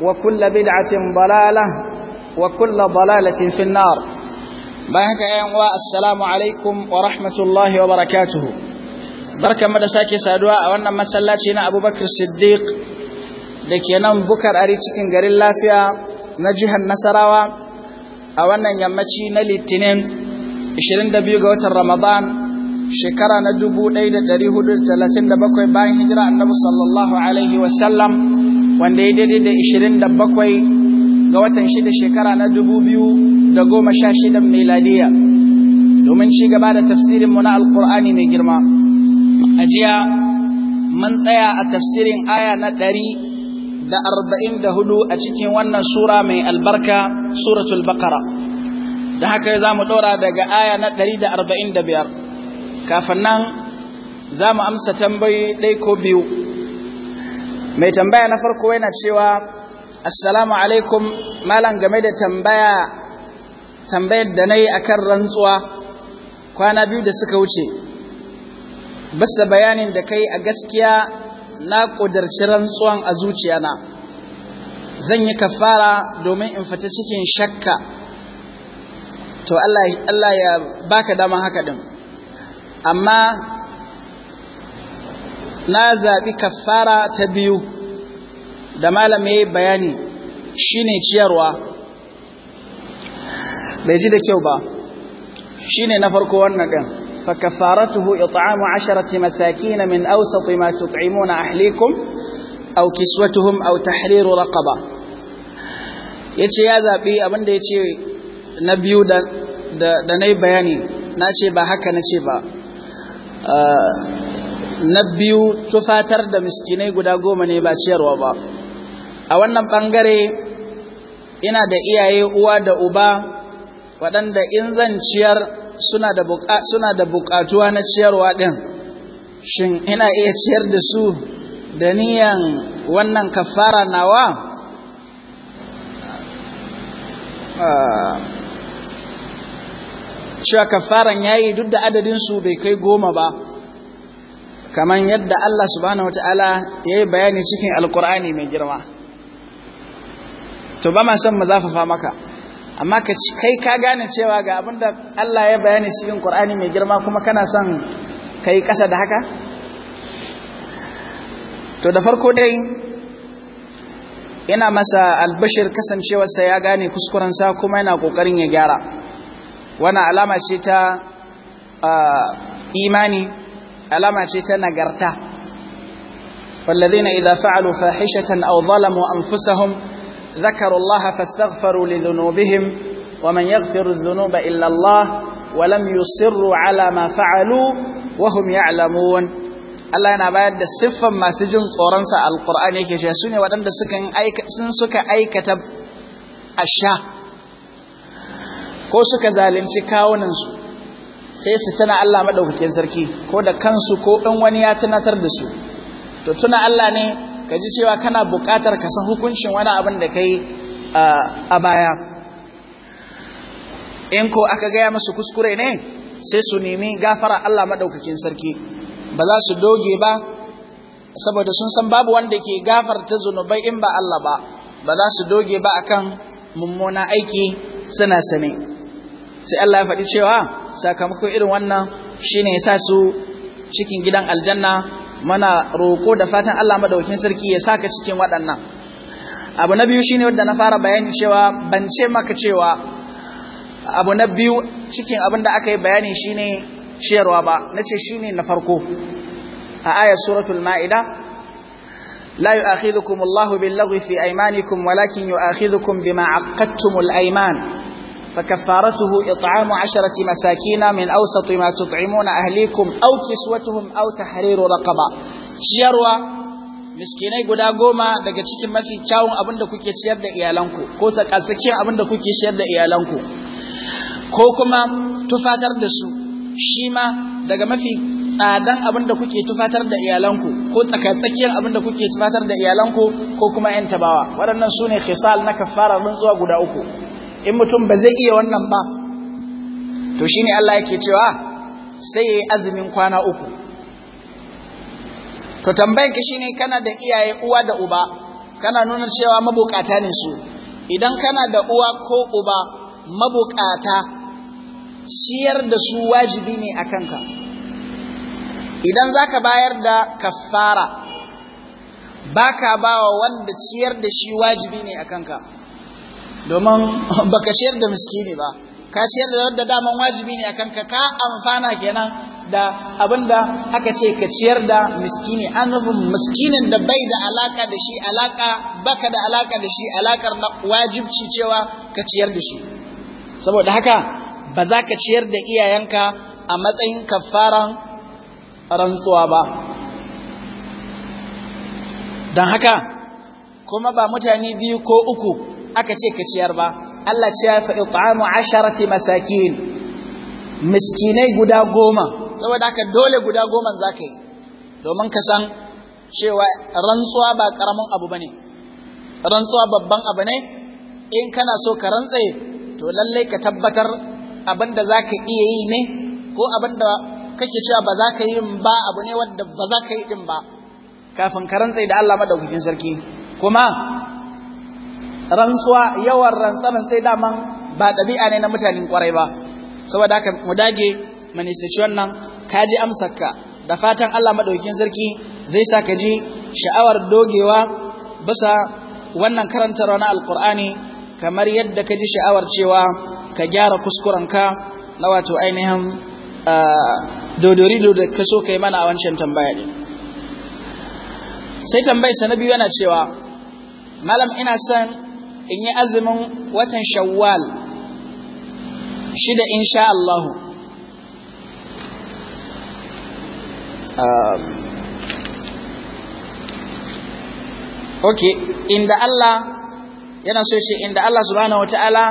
wa kulla bid'atin balala wa kulla balalatin fi nnar wa assalamu alaikum wa rahmatullahi wa barakatuh barkan mu da sake saduwa a wannan masallaci na abubakar siddiq da ke nan bukar ari cikin garin lafiya na jihar nasarawa a wannan yammaci na litinin 22 ga watan ramadan shekara na 1437 bayan hijira annabi sallallahu alaihi wa sallam wanda ya daidai da 27 ga watan shida shekara na 2016 meladiya domin ci gaba da tafsirin mu na alkur'ani mai girma a jiya mun tsaya a tafsirin aya na hudu a cikin wannan sura mai albarka suratul baqara da haka za mu ɗora daga aya na 145 kafin nan za mu amsa tambayi ɗai ko biyu mai tambaya na farko yana cewa assalamu alaikum malam game da tambaya tambayar da na yi a kan rantsuwa kwana biyu da suka wuce basa bayanin da kai a gaskiya na ƙudarci rantsuwan a zuciyana zan yi kafara domin in fita cikin shakka to Allah ya baka dama haka din amma na zaɓi kafara ta biyu da malamai ya yi bayani ciyarwa bai ji da kyau ba shine na farko wannan ɗin فكفارته إطعام عشرة مساكين من أوسط ما تطعمون أهليكم أو كسوتهم أو تحرير رقبة yace ya zaɓi abinda ya ce na biyu da na yi bayani na ce ba haka na ce ba ah, na biyu tufatar da miskinai guda goma ne ba ciyarwa ba a wannan bangare, ina da iyaye uwa da uba waɗanda in zan ciyar suna da suna da buƙatuwa na ciyarwa ɗin shin ina iya ciyar da su da niyan wannan kafara nawa ah, cewa kafaran yayi duk da adadin su bai kai goma ba kamar yadda Allah subhanahu wata'ala ya yi bayani cikin alkur'ani mai girma to ba ma son mazafafa maka amma kai ka gane cewa ga abinda Allah ya bayani cikin Qur'ani mai girma kuma kana son kai kasa da haka to da farko dai ina masa albashir kasancewarsa ya gane kuskurensa kuma yana kokarin ya gyara wannan alama ce ta ah, imani alama ce ta nagarta wallazina idza fa'alu fahishatan aw zalamu anfusahum dhakaru Allah fastaghfiru li dhunubihim wa man yaghfiru dhunuba illa Allah wa lam yusirru ala ma fa'alu wa hum ya'lamun Allah yana bayar da siffan masu jin tsoron sa alquran yake cewa sune wadanda suka aika sun suka aikata asha ko suka zalunci kawunan sai su tana Allah madaukakin sarki ko da kansu ko ɗan wani ya tunatar da su to tuna Allah ne ka ji cewa kana buƙatar ka san hukuncin wani abin da kai a baya in ko aka gaya musu kuskure ne sai su nemi gafara Allah maɗaukakin sarki ba za su doge ba saboda sun san babu wanda ke gafar ta zunubai in ba Allah ba ba za su doge ba akan mummuna aiki suna sane sai Allah ya faɗi cewa sakamakon irin wannan shine ya su cikin gidan aljanna mana roƙo da fatan Allah madaukin sarki ya saka cikin waɗannan abu na biyu shine wanda na fara bayani cewa ban ce maka cewa abu na biyu cikin abin da aka yi bayani shine shiyarwa ba na nace shine na farko a ayat suratul maida la yu'akhidhukum Allahu bil-laghwi fi aymanikum walakin yu'akhidhukum bima 'aqadtumul ayman فكفارته إطعام عشرة مساكين من أوسط ما تطعمون أهليكم أو كسوتهم أو تحرير رقبة شيروا miskinai guda goma daga cikin mafi kyawun abin da kuke ciyar da iyalanku ko tsakatsakin abin da kuke ciyar da iyalanku ko kuma tufatar da su shi ma daga mafi tsadan abin da kuke tufatar da iyalanku ko tsakatsakiyar abin da kuke tufatar da iyalanku ko kuma 'yan tabawa waɗannan su ne khisal na kafara zuwa guda uku in mutum ba zai iya wannan ba to shine Allah yake cewa sai yayi azumin kwana uku to tambayar ki shine kana da iyaye uwa da uba kana nuna cewa mabukata ne su idan kana da uwa ko uba mabukata ciyar da su wajibi ne a kanka idan zaka bayar da kaffara baka bawa wanda ciyar da shi wajibi ne a kanka domin baka ciyar da miskini ba ka ciyar da wadda daman wajibi ne akan ka ka amfana kenan da abinda aka ce ka ciyar da miskini an nufin miskinin da bai da alaka da shi alaka baka da alaka da shi alakar na wajibci cewa ka ciyar da shi saboda haka ba za ka ciyar da iyayenka a matsayin kafaran rantsuwa ba don haka kuma ba mutane biyu ko uku aka ce ka ciyar ba Allah ce ya faɗi ta'amu asharati masakin miskinai guda goma saboda haka dole guda goma za ka yi domin ka san cewa rantsuwa ba karamin abu ba ne rantsuwa babban abu ne in kana so ka rantse to lallai ka tabbatar abin da za ka iya yi ne ko abin da kake cewa ba za ka yi ba abu ne wanda ba za ka yi din ba kafin ka rantse da Allah madaukakin sarki kuma rantsuwa yawan sai daman ba ɗabi'a ne na mutanen kwarai ba saboda haka mu dage mu nisanci wannan ka ji amsarka da fatan Allah maɗaukin sarki zai sa ka ji sha'awar dogewa bisa wannan karantar na alkur'ani kamar yadda ka ji sha'awar cewa ka gyara kuskurenka na wato ainihin dodorido da ka so ka yi mana a wancan tambaya ne sai tambayar na yana cewa malam ina son in yi azumin watan shawwal shida insha Allahu um, ok inda Allah yana so ce inda Allah subhanahu ta’ala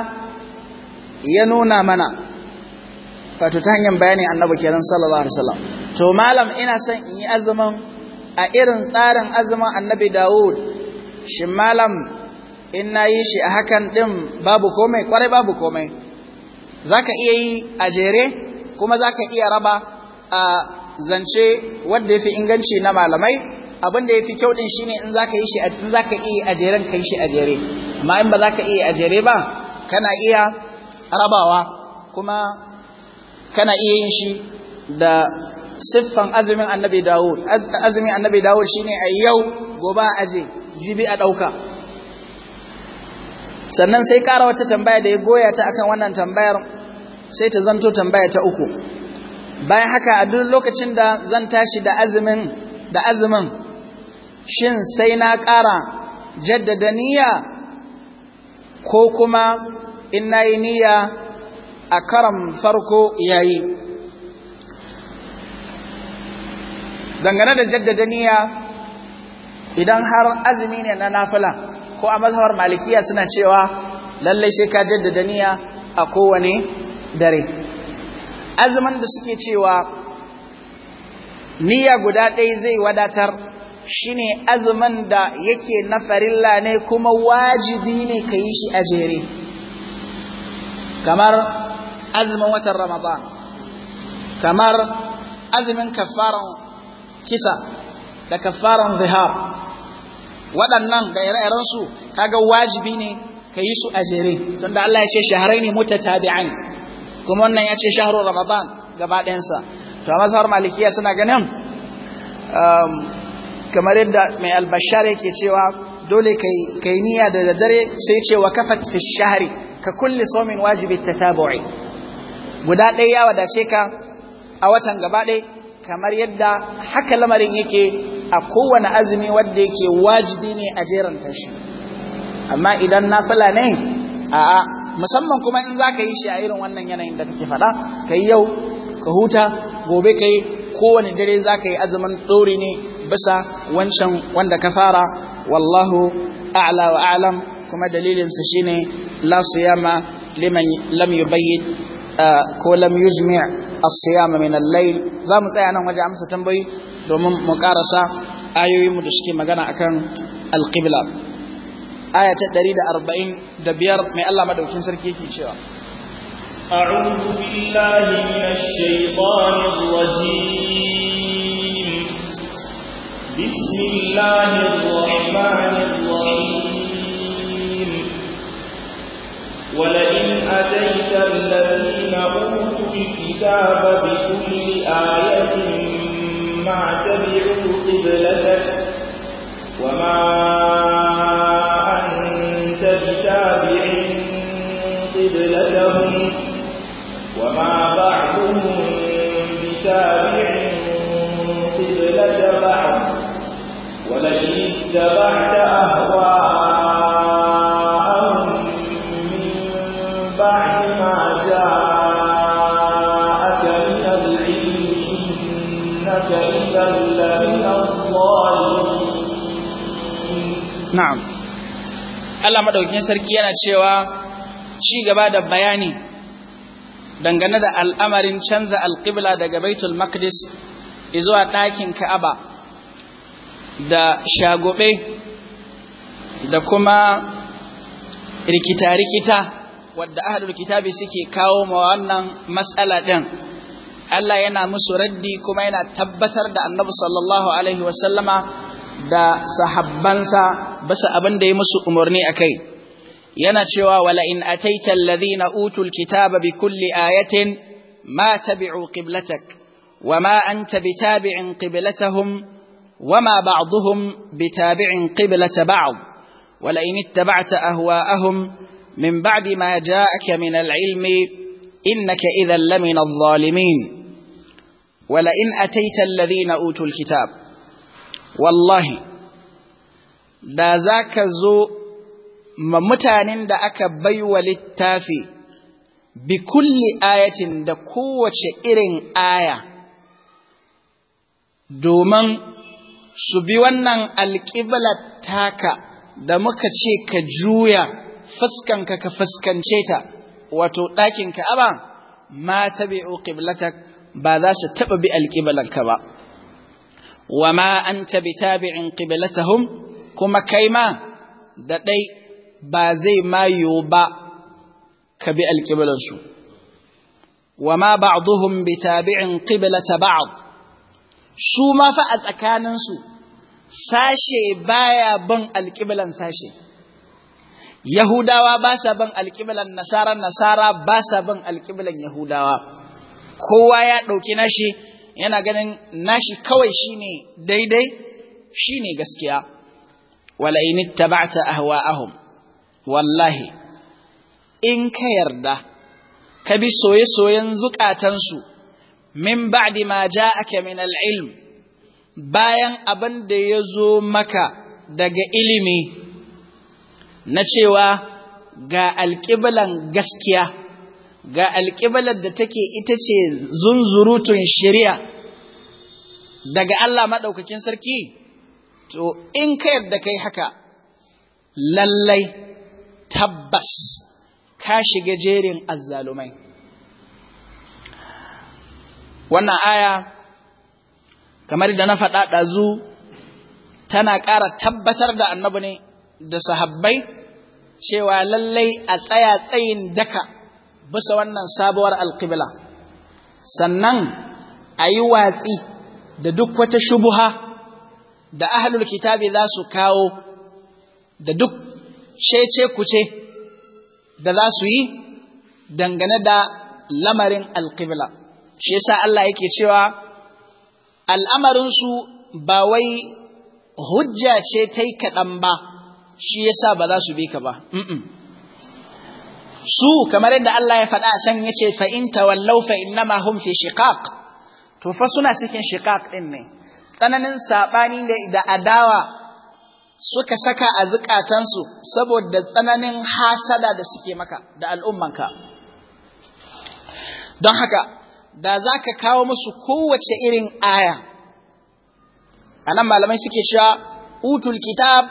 ya nuna mana wato ta hanyar bayanin annabi kenan sallallahu alaihi wasallam to malam ina son in yi azumin a irin tsarin azumin annabi Dawud shi malam in na yi shi a hakan ɗin babu komai kwarai babu komai za ka iya yi a jere kuma za ka iya raba a zance wanda ya fi inganci na malamai abin da ya fi kyau ɗin shi ne in za ka yi shi a jeren ka yi shi a jere amma in ba za ka iya a jere ba kana iya rabawa kuma kana iya yin shi da siffan azumin annabi dawud azumin annabi dawud shine a yau gobe a aje jibi a ɗauka sannan sai ƙara wata tambaya da ya goya ta akan wannan tambayar sai ta zanto tambaya ta uku bayan haka a duk lokacin da zan tashi da azumin da azumin shin sai na ƙara jaddada niyya ko kuma in nayi niyya a karan farko yayi dangane da jaddada niyya idan har azumi ne na nafila ko a mazhabar malikiya suna cewa lallai sai ka jaddada niyya a kowane dare azumin da suke cewa niyya guda ɗaya zai wadatar shine azumin da yake na farilla ne kuma wajibi ne ka yi shi a jere kamar azumin watan ramadan kamar azumin kafaran kisa da kafaran zihar waɗannan da ire-irensu kaga wajibi ne ka yi su a jere tunda Allah ya ce shaharai ne mutatabi'an kuma wannan ya ce shaharu ramadan gaba ɗayansa to a mazhar malikiya suna ganin um, kamar yadda mai albashar yake cewa dole ka yi niyya da dare sai ce wa kafat fi shahari ka kulli somin wajibi tatabu'i guda ɗaya wadace ka a watan gaba ɗaya kamar yadda haka lamarin yake a kowane azumi wanda yake wajibi ne a jeran tashi, amma idan nafila ne a'a musamman kuma in za ka yi shi a irin wannan yanayin da kake faɗa ka yi yau ka huta gobe ka yi kowane dare za ka yi azumin ɗori ne bisa wancan wanda ka fara wallahu a'la wa a'lam kuma dalilinsa shine la siyama liman lam yubayyin eh, ko lam yujmi' as-siyama min al-layl za mu tsaya nan waje amsa tambayi domin mu karasa ayoyinmu da suke magana akan da arba'in da biyar, mai Allah madaukin sarki yake cewa أعوذ بالله من الشيطان الرجيم بسم الله الرحمن الرحيم ولئن أتيت الذين أوتوا الكتاب بكل آية ثم تبعوا قبلتك وما أنت بتابع قبلتهم وما بعضهم بتابع قبلة بعض ولئن اتبعت أهواءهم na'am Allah madaukakin sarki yana cewa ci gaba da bayani dangane da al'amarin canza alqibla daga baitul maqdis zuwa ɗakin ka'aba da shagobe da kuma rikita-rikita wadda ahadul kitabi suke kawo ma wannan matsala ɗin Allah yana musu raddi kuma yana tabbatar da annabi sallallahu alaihi wasallama da sahabbansa basa abin da ya musu umarni a kai yana cewa wala in ataita alladhina utul kitaba bi kulli ayatin ma tabi'u qiblatak wama anta bitabi'in qiblatahum wama ba'dhum bitabi'in qiblata ba'd wala in ittaba'ta ahwa'ahum min ba'di ma ja'aka min al-ilmi innaka idhan lamina adh-dhalimin wala in ataita alladhina utul kitaba wallahi da za ka zo ma mutanen da aka baiwa littafi bi kulli ayatin da kowace irin aya domin su bi wannan alƙiblar taka da muka ce ka juya fuskanka ka fuskance ta wato ɗakin ka'aba ma tabi'u qiblatak ba za su taɓa bi alƙiblarka ba wa ma tabi'in bitabi'in qiblatahum kuma kai ma da ɗai ba zai mayo ba ka bi alqiblansu wa ma ba'dhum bitabi'in qiblata ba'd su ma fa a tsakaninsu sashe baya bin alqiblan sashe yahudawa ba sa bin alqiblan nasara nasara ba bin alqiblan yahudawa kowa ya dauki nashi yana ganin nashi kawai shine daidai shine gaskiya wala in ittaba'ta ahwa'ahum wallahi in ka yarda ka bi soye-soyen zukatansu min ba'di ma ja'aka min al-ilm bayan abanda da ya zo maka daga ilimi na cewa ga alƙiblan gaskiya ga alƙibalar da take ita ce zunzurutun shari'a daga Allah maɗaukakin sarki to in ka yarda kai haka lallai tabbas ka shiga jerin azzalumai wannan aya kamar da na faɗa ɗazu tana ƙara tabbatar da annabi ne da sahabbai cewa lallai a tsaya tsayin daka bisa wannan sabuwar alƙibla sannan a yi watsi da duk wata shubuha da ahlul kitabi za su kawo da duk shece kuce da za su yi dangane da lamarin alƙibla shi yasa Allah yake cewa al'amarinsu ba wai hujja ce ta yi kaɗan ba shi yasa ba za su bi ka ba. Mm su kamar yadda Allah ya faɗa can ya ce fa'in tawallau innama hum fi shiqaq to fa suna cikin shiqaq din ne tsananin saɓani da adawa suka saka a zukatansu saboda tsananin hasada da suke maka da al'ummanka don haka da za ka kawo musu kowace irin aya a nan malamai suke cewa utul kitab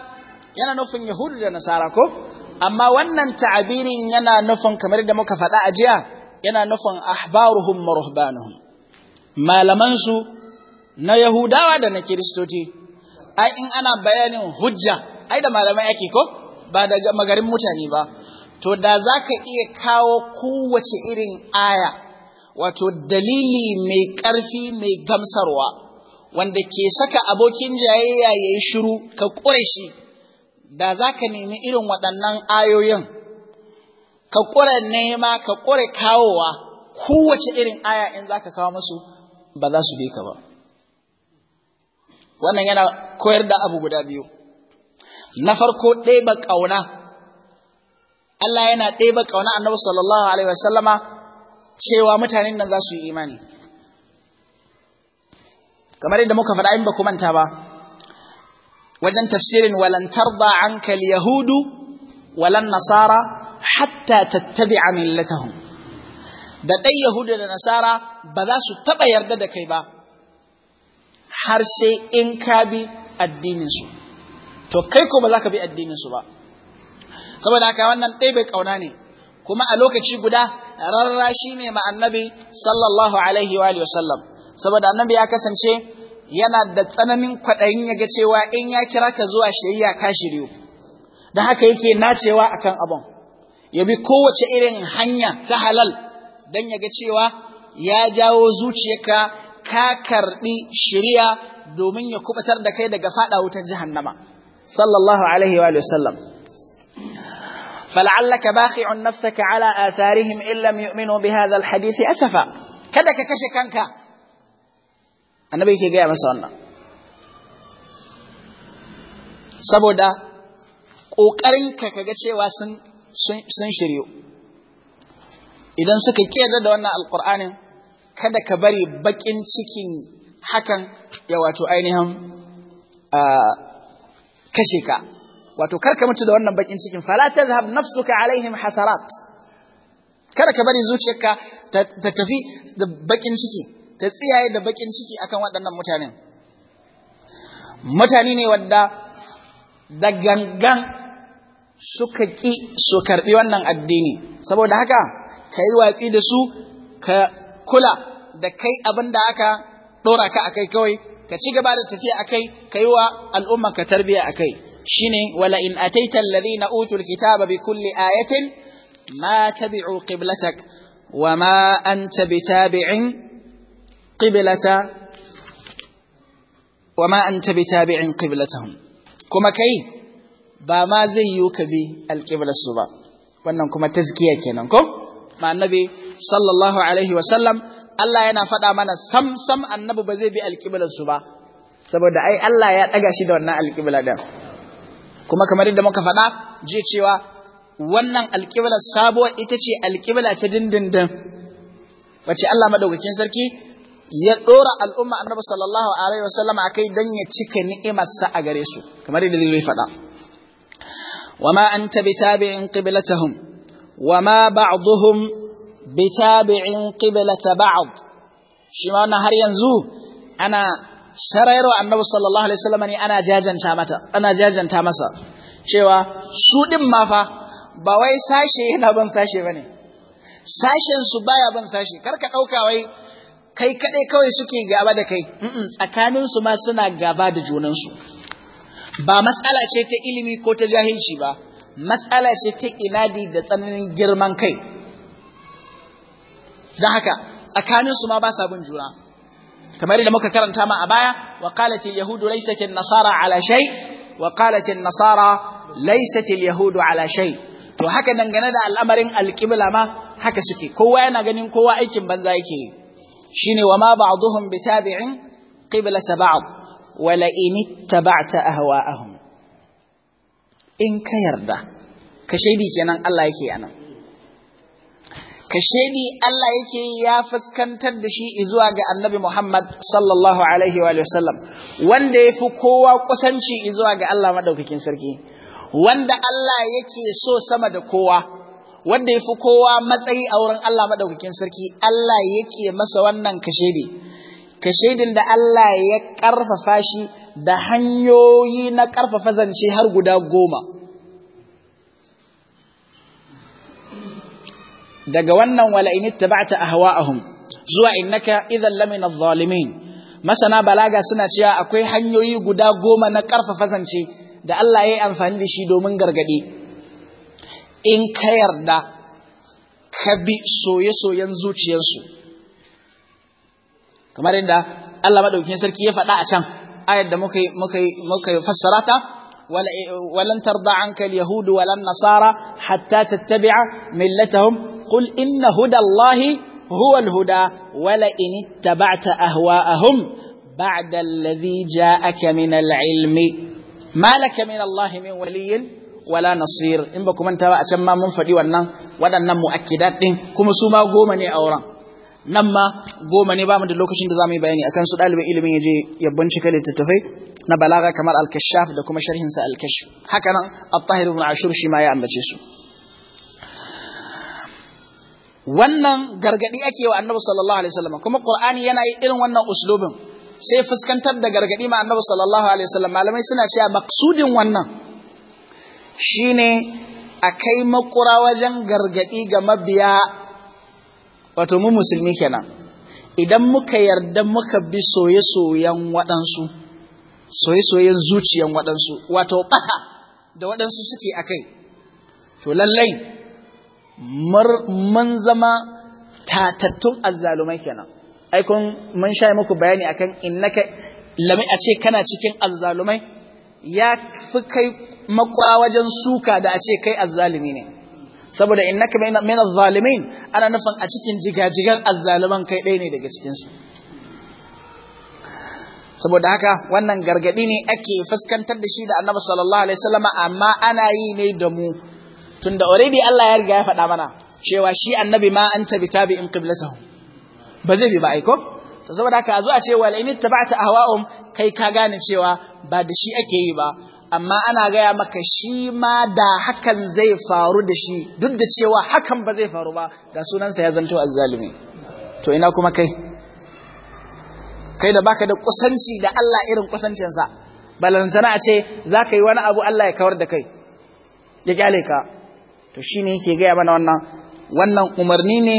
yana nufin yahudu da nasara ko? amma wannan ta'abirin yana nufin kamar da muka faɗa a jiya yana nufin ahbaruhum maruhbanuhum malaman su na yahudawa da na kiristoci ai in ana bayanin hujja ai da malamai ake ko ba daga magarin mutane ba to da za ka iya kawo kowace irin aya wato dalili mai ƙarfi mai gamsarwa wanda ke saka abokin jayayya yayi shiru ka ƙure shi da za ka nemi irin waɗannan ayoyin, ka ƙure nema, ka ƙure kawowa, kowace irin aya in za ka kawo musu ba za su bi ka ba. Wannan yana koyar da abu guda biyu. Na farko ɗeba ƙauna, Allah yana ɗeba ƙauna annabi sallallahu Alaihi wasallama cewa mutanen nan za su yi imani. Kamar yadda muka faɗa in ba ku manta ba, wajen tafsirin walan tarda anka yahudu walan nasara hatta tattabi'a millatahum da dai yahudu da nasara ba za su taɓa yarda da kai ba har sai in ka bi addininsu, to kai ko ba za ka bi addinin su ba saboda haka wannan ɗaya bai ƙauna ne kuma a lokaci guda rarrashi ne ma annabi sallallahu alaihi wa sallam saboda annabi ya kasance yana da tsananin kwaɗayin ya ga cewa in ya kira ka zuwa shari'a ka shiryu don haka yake nacewa akan abon ya bi kowace irin hanya ta halal don ya ga cewa ya jawo zuciyarka ka karɓi shari'a domin ya kubatar da kai daga faɗa wutar jahannama sallallahu alaihi wa sallam فلعلك باخع نفسك على آثارهم إن لم يؤمنوا بهذا الحديث أسفا kada ka kashe kanka annabi yake gaya masa wannan saboda ƙoƙarin ka kaga cewa sun sun shiryu idan suka kiyarda da wannan alƙur'anin kada ka bari baƙin cikin hakan ya wato ainihin kashe ka wato karka mutu da wannan baƙin cikin fala tazhab nafsuka alaihim hasarat kada ka bari zuciyarka ta tafi da baƙin ciki ta tsiyaye da bakin ciki akan waɗannan mutanen mutane ne wadda da gangan suka ƙi su karɓi wannan addini saboda haka ka yi watsi da su ka kula da kai abin da aka ɗora ka akai kawai ka ci gaba da tafiya akai ka yi wa al'umma ka tarbiya akai. kai shine wala in ataita alladhina utul kitaba bi kulli ayatin ma tabi'u qiblatak wa ma anta bitabi'in qiblata wa ma anta bitabi'in qiblatahum kuma kai ba ma zai yi ka bi alqiblasu ba wannan kuma tazkiya kenan ko ma annabi sallallahu alaihi wa sallam Allah yana faɗa mana sam sam annabi ba zai bi su ba saboda ai Allah ya daga shi da wannan alƙibla din kuma kamar yadda muka faɗa ji cewa wannan alƙiblar sabuwar ita ce alƙibla ta dindindin wacce Allah madaukakin sarki ya ɗora al'umma annabi sallallahu alaihi wasallam akai dan ya cika ni'imarsa a gare su kamar yadda zai faɗa wama anta bitabi'in qiblatahum wama ba'dhum bitabi'in qiblata ba'd shi ma wannan har yanzu ana sharayro annabi sallallahu alaihi wasallam ne ana jajanta mata ana jajanta masa cewa su din ma fa ba wai sashe yana ban sashe bane sashen su baya ban sashe karka dauka wai kai kaɗai kawai suke gaba da kai su ma suna gaba da junansu ba matsala ce ta ilimi ko ta jahilci ba matsala ce ta inadi da tsananin girman kai don haka su ma ba sabon bin juna kamar da muka karanta ma a baya wa qalatil yahudu laysat nasara ala shay wa nasara laysat yahudu ala shay to haka dangane da al'amarin alƙibla ma haka suke kowa yana ganin kowa aikin banza yake yi shine wa ma ta ba'dhum bitabi'in qiblata ba'd wa la in ittaba'ta ahwa'ahum in ka yarda ka shaidi kenan Allah yake anan ka shaidi Allah yake ya fuskantar da shi zuwa ga Annabi Muhammad sallallahu alaihi wa sallam wanda ya fi kowa kusanci zuwa ga Allah maɗaukakin sarki wanda Allah yake so sama da kowa wanda ya fi kowa matsayi a wurin Allah maɗaukakin sarki Allah yake masa wannan kashedi kashedin da Allah ya ƙarfafa shi da hanyoyi na ƙarfafa zance har guda goma daga wannan wala in ittaba'ta ahwa'ahum zuwa innaka idan lamina dhalimin masana balaga suna cewa akwai hanyoyi guda goma na ƙarfafa zance da Allah ya yi amfani da shi domin gargaɗi in ka كبي ka bi soye-soyen zuciyarsu kamar yadda Allah maɗaukin sarki ya faɗa a can ayar da muka yi fassara ta ولن ترضى عنك اليهود ولا النصارى حتى تتبع ملتهم قل إن هدى الله هو الهدى ولئن اتبعت أهواءهم بعد الذي جاءك من العلم ما لك من الله من ولي wala nasir in ba ku manta ba a can ma mun faɗi wannan waɗannan mu'akkidat ɗin kuma su ma goma ne a wurin nan ma goma ne ba mu da lokacin da za mu yi bayani akan su ɗalibin ilimin ya je ya bincika littattafai na balaga kamar al-kashaf da kuma sharhinsa al-kashf haka nan at-tahir ibn ashur shi ma ya ambace su wannan gargadi ake wa annabi sallallahu alaihi wasallam kuma qur'ani yana yi irin wannan uslubin sai fuskantar da gargadi ma annabi sallallahu alaihi wasallam malamai suna cewa maqsudin wannan shine a kai makura wajen gargadi ga mabiya wato mu musulmi kenan idan muka yarda muka bi soye-soyen waɗansu soye-soyen zuciyan waɗansu wato ɓata da waɗansu suke a kai to lallai mun zama tatattun azzalumai kenan aikon mun sha muku bayani akan innaka lami a ce kana cikin azzalumai ya fi kai makwa wajen suka da a ce kai azzalimi ne saboda innaka min azzalimin ana nufin a cikin jigajigan azzaliman kai ɗaya ne daga cikin su saboda haka wannan gargadi ne ake fuskantar da shi da annabi sallallahu alaihi wasallama amma ana yi ne da mu tunda already Allah ya riga ya faɗa mana cewa shi annabi ma anta tabi in qiblatahu ba zai bi ba aiko to saboda haka a zo a ce wal in tabata ahwa'um kai ka gane cewa ba da shi ake yi ba amma ana gaya maka shi ma da hakan zai faru da shi duk da cewa hakan ba zai faru ba ga sunansa ya zanto zalimi to ina kuma kai kai da baka da kusanci da Allah irin kusancinsa balantana a ce za ka yi wani abu Allah ya kawar da kai ya kyale ka to shi ne yake gaya mana wannan wannan umarni ne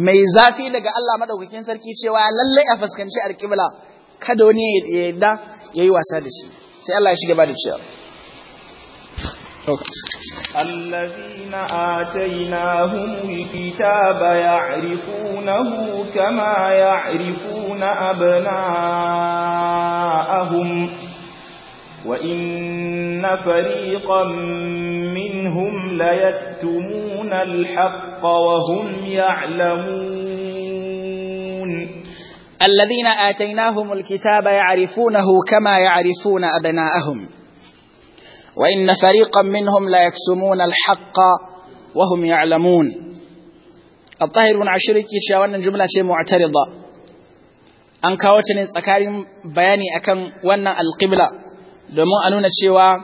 mai zafi daga Allah madaukakin sarki cewa lallai a fuskanci alƙibla kada wani yarda ya yi wasa da shi sai Allah ya ci gaba da cewa الذين آتيناهم الكتاب يعرفونه كما يعرفون أبناءهم وَإِنَّ فَرِيقًا مِنْهُمْ لَيَكْتُمُونَ الْحَقَّ وَهُمْ يَعْلَمُونَ الذين آتيناهم الكتاب يعرفونه كما يعرفون أبناءهم وإن فريقا منهم لا يكتمون الحق وهم يعلمون الطاهر بن عشير كيشاوان الجملة شيء معترضة أن كاوتن سكاري بياني أكن وأن القبلة دمو أنون الشيوا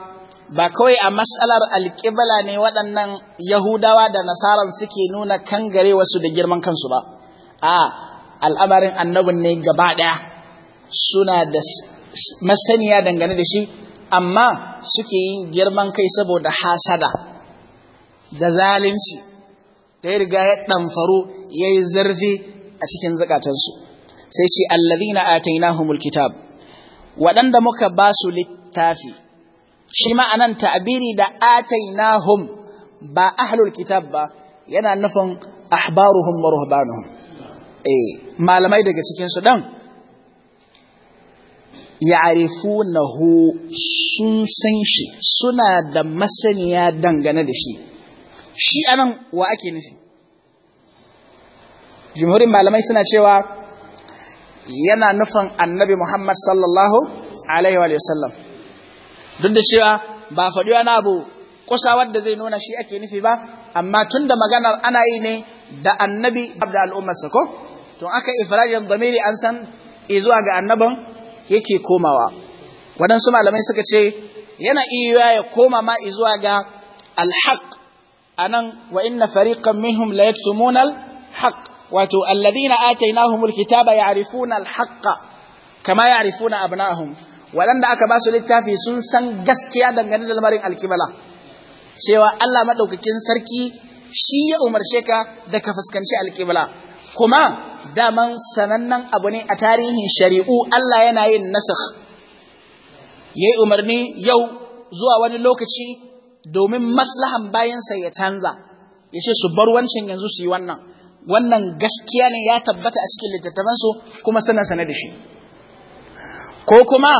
باكوي أمسألة القبلة نيوات أن يهودا ودا نصارا سكي نونا وسود جرمان كنسوبا آه al'amarin annabin ne gaba ɗaya suna da masaniya dangane da shi amma suke yin girman kai saboda hasada da zalunci da ya riga ya ɗamfaru ya yi zarfi a cikin zukatansu sai ce allazina atainahumul kitab waɗanda muka ba su littafi shi ma anan ta'biri da atainahum ba ahlul kitab ba yana nufin ahbaruhum wa ruhbanuhum eh malamai daga cikin su dan hu sun san shi suna da masaniya dangane da shi shi anan wa ake nufi jumhurin malamai suna cewa yana nufin annabi Muhammad sallallahu alaihi wa sallam duk da cewa ba faɗi wani abu kusa wadda zai nuna shi ake nufi ba amma tun da maganar ana yi ne da annabi da al'ummarsa ko to aka ifrajin damiri an san zuwa ga annaban yake komawa waɗansu malamai suka ce yana iya ya koma ma zuwa ga alhaq anan wa inna fariqan minhum la yaktumuna alhaq wato alladhina atainahum alkitaba ya'rifuna alhaqa kama ya'rifuna abna'ahum waɗanda aka ba su littafi sun san gaskiya dangane da lamarin alkibala cewa Allah madaukakin sarki shi ya umarce ka da ka fuskanci alkibala kuma daman sanannen abu ne a tarihin shari'u Allah yana yin nasakh yayi umarni yau zuwa wani lokaci domin maslahan bayansa ya canza ya ce su bar wancan yanzu su yi wannan wannan gaskiya ne ya tabbata a cikin litattafansu kuma suna sane da shi ko kuma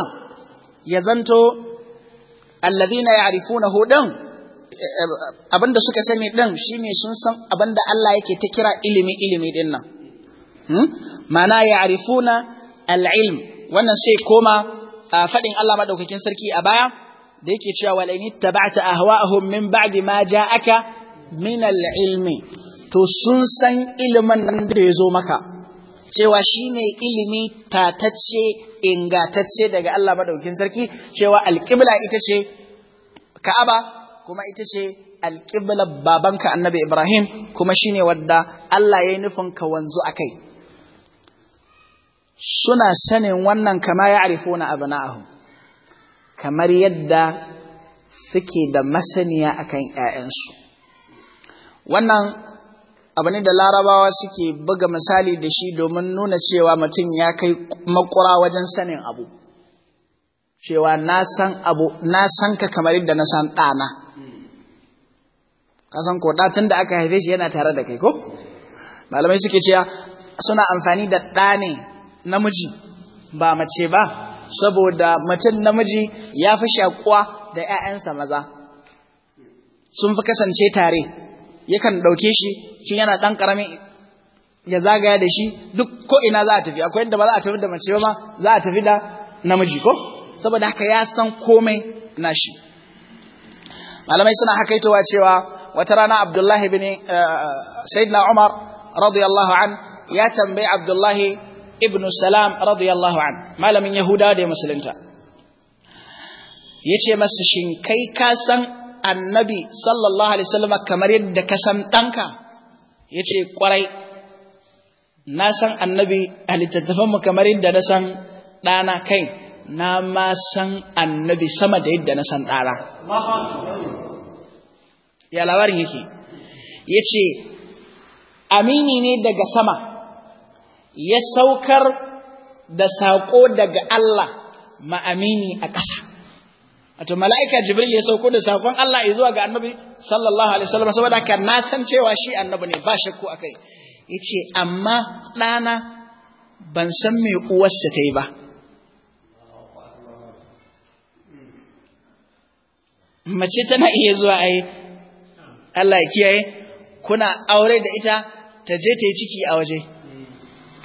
ya zanto allazina ya'rifuna hudan abinda suka sani shi ne sun san abinda Allah yake ta kira ilimi ilimi ɗin nan mana hmm? ya arifuna al'ilm wannan sai koma a faɗin Allah maɗaukakin sarki a baya da yake cewa walaini a ahwa'ahum min ba'di ma ja aka min al'ilmi to sun san ilimin nan da ya zo maka cewa shi ne ilimi tatacce ingatacce daga Allah maɗaukakin sarki cewa alƙibla ita ce Ka'aba kuma ita ce alƙiblar babanka annabi Ibrahim kuma shi ne wadda Allah ya yi nufin ka wanzu a kai. Suna sanin wannan kama ya arifo na na'ahu, kamar yadda suke da masaniya akan ‘ya'yansu. Wannan abu ne da larabawa suke buga misali da shi domin nuna cewa mutum ya kai makura wajen sanin abu. cewa na san abu na san ka kamar yadda na san ɗana ka san ko tun da aka haife shi yana tare da kai ko malamai suke cewa suna amfani da ɗane namiji ba mace ba saboda mutum namiji ya fi shakuwa da ‘ya'yansa maza sun fi kasance tare yakan ɗauke shi tun yana ɗan ƙaramin ya zagaya da shi duk ko ina za a tafi akwai yadda ba za a tafi da mace ba za a tafi da namiji ko saboda haka ya san komai nashi malamai suna hakaitowa cewa wata rana abdullahi bin eh, sayyidina umar radiyallahu an ya tambayi abdullahi ibn salam radiyallahu an malamin yahudawa da musulunta yace masa shin kai ka san annabi sallallahu alaihi wasallam kamar yadda ka san danka yace kwarai na san annabi a littattafanmu kamar yadda na san ɗana kai na ma san annabi sama da yadda na san ɗara ya labarin yake ya ce amini ne daga sama ya saukar da saƙo daga Allah ma amini a ƙasa wato mala'ika jibril ya sauko da sakon Allah ya zuwa ga annabi sallallahu alaihi wasallam saboda ka na san cewa shi annabi ne ba shakku akai yace amma ɗana ban san me uwarsa ta yi ba mace tana iya zuwa ai Allah ya kiyaye kuna aure da ita ta je ta yi ciki a waje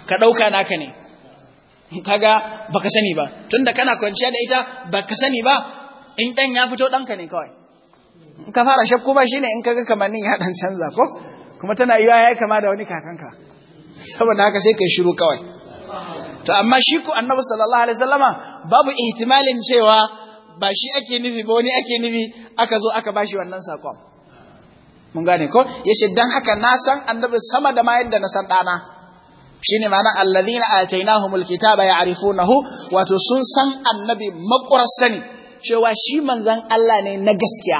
ka ɗauka naka ne kaga baka sani ba tunda kana kwanciya da ita baka sani ba in ɗan ya fito ɗanka ne kawai in ka fara shakku ba shine in kaga kamannin ya ɗan canza ko kuma tana yiwa ya kama da wani kakanka saboda haka sai kai shiru kawai to amma shi ku annabi sallallahu alaihi wasallama babu ihtimalin cewa ba shi ake nufi ba wani ake nufi aka zo aka bashi wannan sakon mun gane ko yace dan haka na san annabi sama da ma yadda na san dana shine ma'ana alladhina atainahumul kitaba ya'rifunahu wato sun san annabi makurar sani cewa shi manzon Allah ne na gaskiya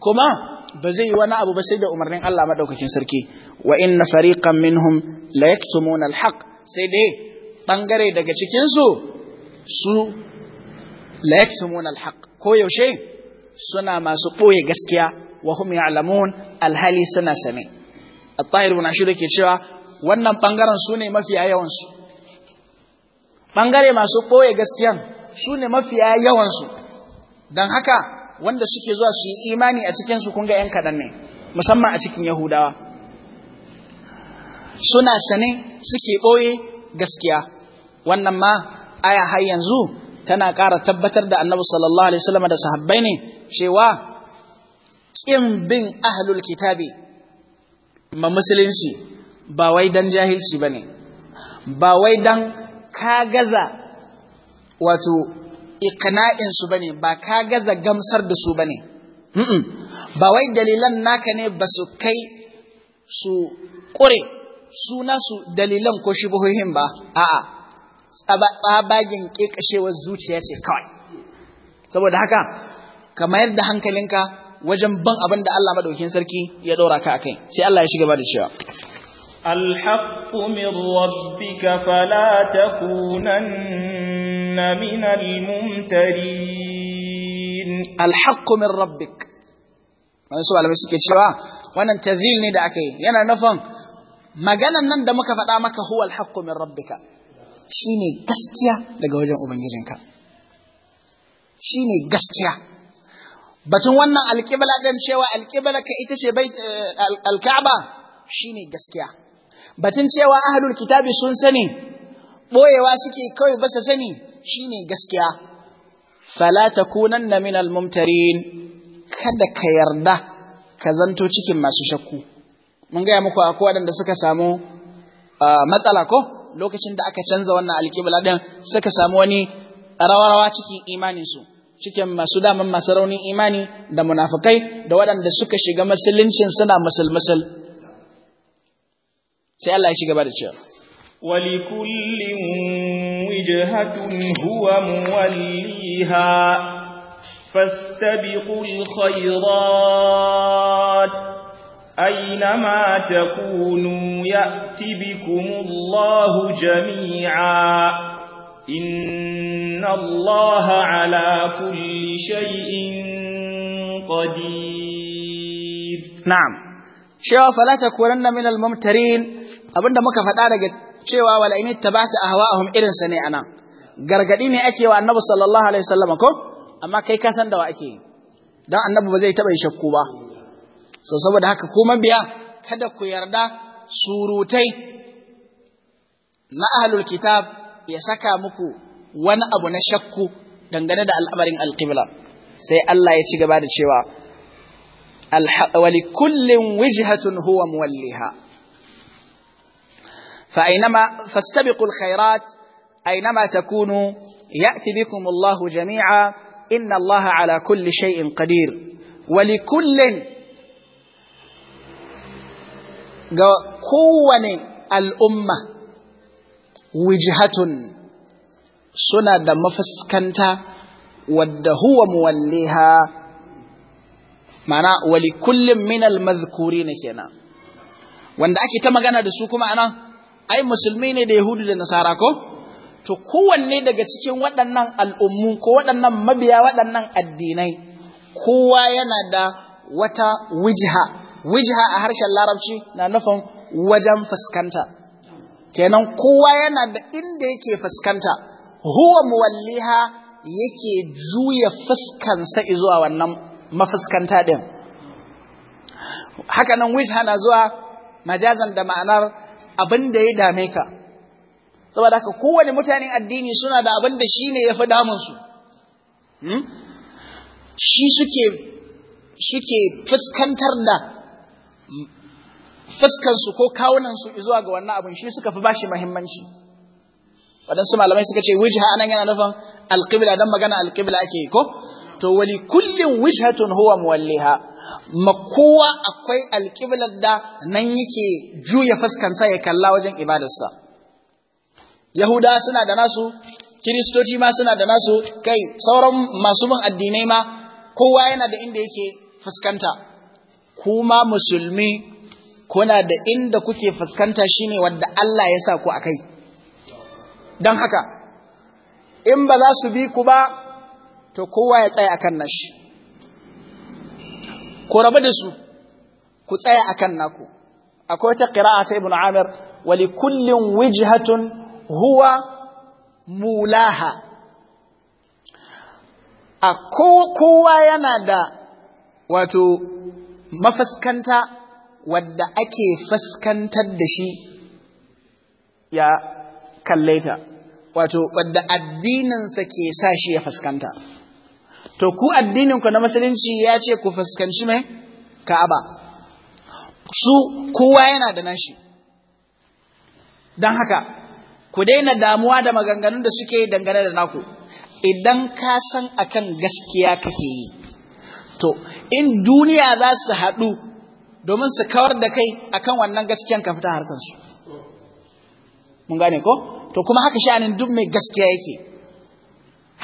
kuma ba zai yi wani abu ba sai da umarnin Allah madaukakin sarki wa inna fariqan minhum la yaktumuna alhaq sai dai bangare daga cikin su su la yaktumuna alhaq ko yaushe suna masu ɓoye gaskiya wa hum ya'lamun alhali suna sane at-tahir ibn ashur yake cewa wannan bangaren sune mafiya yawan su bangare masu ɓoye gaskiyan sune mafiya yawan su dan haka wanda suke zuwa su yi imani a cikin su kun ga yan kadan ne musamman a cikin yahudawa suna sane suke ɓoye gaskiya wannan ma aya har yanzu tana ƙara tabbatar da annabi sallallahu alaihi wasallam da sahabbai ne cewa kin bin ahlul kitabi ma musulunci ba wai dan jahilci bane ba wai dan ka gaza wato iqna'in su bane ba ka gaza gamsar da su bane ba wai dalilan naka ne ba su kai su ƙure su dalilan ko shubuhohin ba a'a tsabagen ƙeƙashewar zuciya ce kawai saboda haka ka mayar da hankalinka wajen ban abin da Allah madaukin sarki ya ɗora ka a akai sai Allah ya shiga ba da cewa الحق من ربك فلا تكونن من الممترين الحق من ربك wani su alamai suke cewa wannan tazil ne da aka yi yana nufin maganan nan da muka faɗa maka huwa alhaqqu min rabbika shi ne gaskiya daga wajen Ubangijinka. Shi ne gaskiya. Batun wannan alƙibla ɗin cewa alƙibla ka ita ce eh, alƙaba shi ne gaskiya. Batun cewa ahalul kitabi sun sani, ɓoyewa suke kawai ba su sani shi ne gaskiya. falata kunan na min almumtarin, kada ka yarda ka zanto cikin masu shakku. Mun gaya muku akwai waɗanda suka samu ah, matsala ko? lokacin da aka canza wannan alƙibla ɗin suka samu wani rawa-rawa cikin imaninsu cikin masu daman masu raunin imani da munafukai da waɗanda suka shiga musuluncin suna musulmusul sai Allah ya ci gaba da cewa ولكل wijhatun huwa muwalliha fastabiqul khayrat أينما تكونوا يأتي بكم الله جميعا إن الله على كل شيء قدير نعم شوا فلا تكونن من الممترين أبن دمك فتارك شوا ولئن اتبعت أهواءهم إذن سنعنا gargadini ake wa annabi sallallahu alaihi wasallam ko amma kai ka san da wa ake dan annabi ba so saboda haka ku mabiya kada ku yarda surutai na ahlul kitab ya saka muku wani abu na shakku dangane da al'amarin alqibla sai Allah ya ci gaba da cewa walikullin wijhatun huwa muwalliha fa ainama fastabiqul khairat ainama takunu ya'ti bikum Allahu jami'a inna Allaha ala kulli shay'in qadir ولكل ga kowane al'umma wijihatun suna da mafuskanta wadda huwa muwalliha mana wali kullum minal mazkuri na kenan wanda ake ta magana da su kuma anan ai musulmi ne da yahudu da nasara ko to kowanne daga cikin waɗannan al'ummu ko waɗannan mabiya waɗannan addinai kowa yana da wata wijiha wajha a harshen larabci na nufin wajen fuskanta kenan kowa yana da inda yake fuskanta huwa muwalliha yake juya fuskansa zuwa wannan mafuskanta din haka nan wajha na zuwa majazan da ma'anar abin da ya dame ka saboda haka kowane mutanen addini suna da abin da shi ne ya fi damunsu hmm? shi suke fuskantar da fuskansu ko kawunansu zuwa ga wannan abin shi suka fi bashi muhimmanci waɗansu malamai suka ce wujha anan yana nufin alqibla dan magana alqibla ake ko to wali kullin wujhatun huwa muwalliha ma kowa akwai alqiblar da nan yake juya fuskansa ya kalla wajen ibadarsa yahuda suna da nasu kiristoci ma suna da nasu kai sauran masu bin addinai ma kowa yana da inda yake fuskanta kuma musulmi kuna da inda kuke fuskanta shine wadda Allah ya sa ku akai don haka in ba za su bi ku ba to kowa ya tsaya akan nashi ku rabu da su ku tsaya akan naku akwai ta qira'a ta ibnu amir wa li kullin wijhatun huwa mulaha a kowa yana da wato mafaskanta wadda ake faskantar da shi ya kalle wato wadda addininsa ke sa shi ya fuskanta to ku addininku na musulunci ya ce ku fuskanci mai ka'aba su kowa yana da nashi don haka ku daina damuwa da maganganun da suke dangane da naku idan ka san akan gaskiya kake yi to in duniya za su haɗu domin su kawar da kai akan wannan gaskiyan ka fita harkarsu mun gane ko to kuma haka sha'anin duk mai gaskiya yake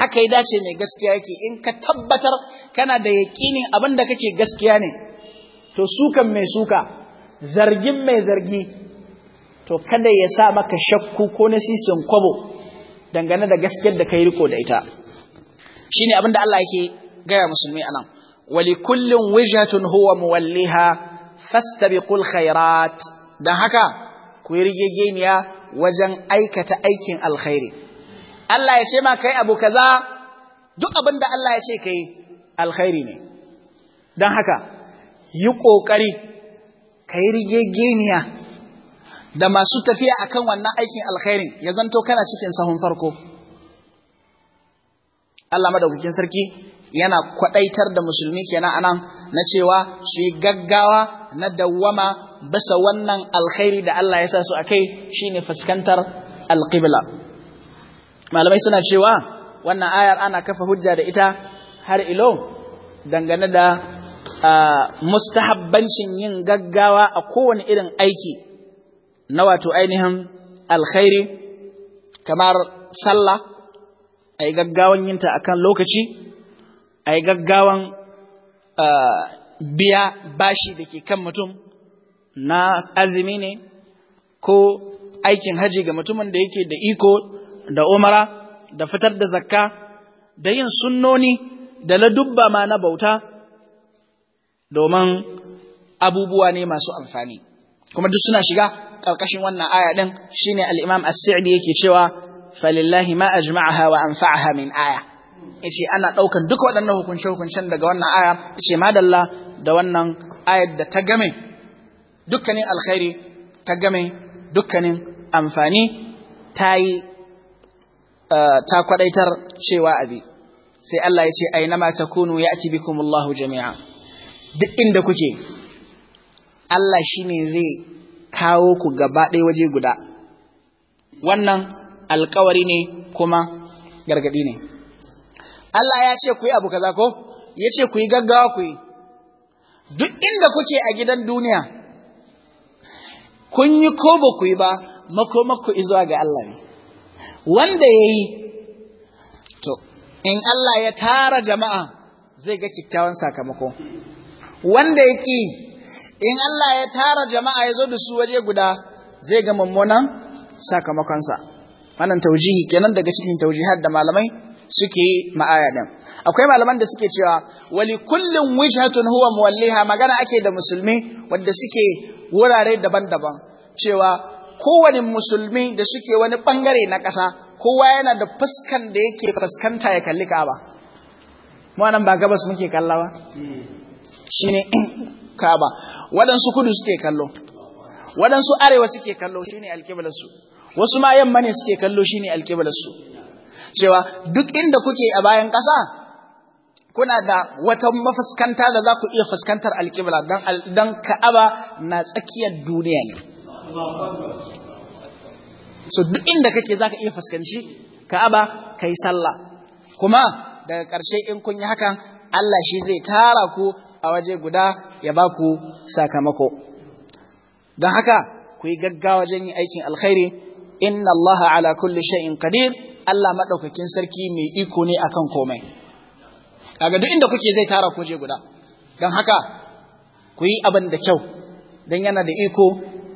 haka ya dace mai gaskiya yake in ka tabbatar kana da yaƙinin abin da kake gaskiya ne to sukan mai suka zargin mai zargi to kada ya sa maka shakku ko na sisin kwabo dangane da gaskiyar da ka yi riko da ita shine abin da Allah yake gaya musulmi anan ولكل وجهة هو موليها فاستبقوا الخيرات dan haka ku yi rigegeniya wajen aikata aikin alkhairi Allah ya ce ma kai abu kaza duk abin da Allah ya ce kai alkhairi ne dan haka yi ƙoƙari kayi yi rigegeniya da masu tafiya akan wannan aikin alkhairin ya zanto kana cikin sahun farko Allah madaukakin sarki yana kwadaitar da musulmi kenan anan na cewa su gaggawa na dawwama bisa wannan alkhairi da Allah ya sa su akai shine fuskantar alqibla malamai suna cewa wannan ayar ana kafa hujja da ita har ilo dangane da mustahabbancin yin gaggawa a kowane irin aiki na wato ainihin alkhairi kamar sallah a yi gaggawan yinta a kan lokaci Ai gaggawan biya bashi da ke kan mutum na azumi ne ko aikin haji ga mutumin da yake da iko da umara da fitar da zakka da yin sunnoni da ladubba ma na bauta domin abubuwa ne masu amfani kuma duk suna shiga ƙarƙashin wannan aya ɗin shine al-Imam As-Sa'di yake cewa falillahi ma ajma'aha wa anfa'aha min aya yace ana daukan duka waɗannan hukunce hukuncen daga wannan aya yace madalla da wannan ayar da ta game dukkanin alkhairi ta game dukkanin amfani ta yi eh, ta kwadaitar cewa abi sai Allah ya ce aina ma takunu ya'ti bikumullahu jami'a duk inda kuke Allah shine zai kawo ku gaba ɗaya waje guda wannan alkawari ne kuma gargadi ne Allah ya ce ku yi abu kaza ko ya ce ku yi gaggawa ku yi duk inda kuke a gidan duniya kun yi ko ba ku yi ba makomakku izuwa ga Allah ne wanda ya yi to in Allah ya tara jama'a zai ga kyakkyawan sakamako wanda ya ƙi in Allah ya tara jama'a ya zo da su waje guda zai ga mummunan sakamakonsa wannan taujihi kenan daga cikin har da malamai suke ma'aya din akwai malaman da suke cewa wali kullum wijhatun huwa muwalliha magana ake da musulmi wanda suke wurare daban-daban cewa kowane musulmi da suke wani bangare na ƙasa kowa yana da fuskan da yake fuskanta ya kalli Ka'aba mu nan ba gabas muke kalla ba shine Ka'aba waɗansu kudu suke kallo waɗansu arewa suke kallo shine ne su wasu ma yamma ne suke kallo shine ne su cewa duk inda kuke a bayan ƙasa kuna da wata mafuskanta da za ku iya fuskantar alƙibla don ka'aba na tsakiyar duniya ne so duk inda kake za ka iya fuskanci ka'aba ka yi sallah kuma daga ƙarshe in kun yi hakan Allah shi zai tara ku a waje guda ya ba ku sakamako don haka ku yi gaggawa wajen yin aikin alkhairi inna Allah ala kulli shay'in qadir Allah maɗaukakin sarki mai iko ne akan komai. Kaga duk inda kuke zai tara kuje guda, don haka ku yi abin da kyau, don yana da iko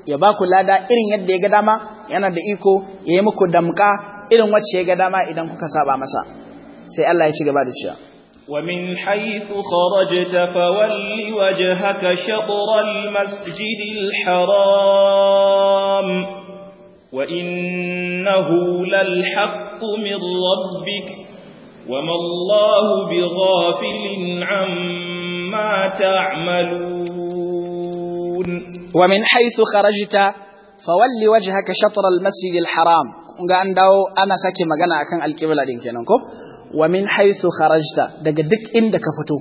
ya ba ku lada irin yadda ya ga dama, yana da iko ya yi muku damka irin wacce ya ga dama idan kuka saba masa. Sai Allah ya ci gaba da cewa. ومن حيث خرجت فول وجهك شطر المسجد haram. وإنه للحق من ربك وما الله بغافل عما تعملون ومن حيث خرجت فولي وجهك شطر المسجد الحرام عندو أنا ساكي مغانا أكن الكبلة ومن حيث خرجت دق دك إندك فتو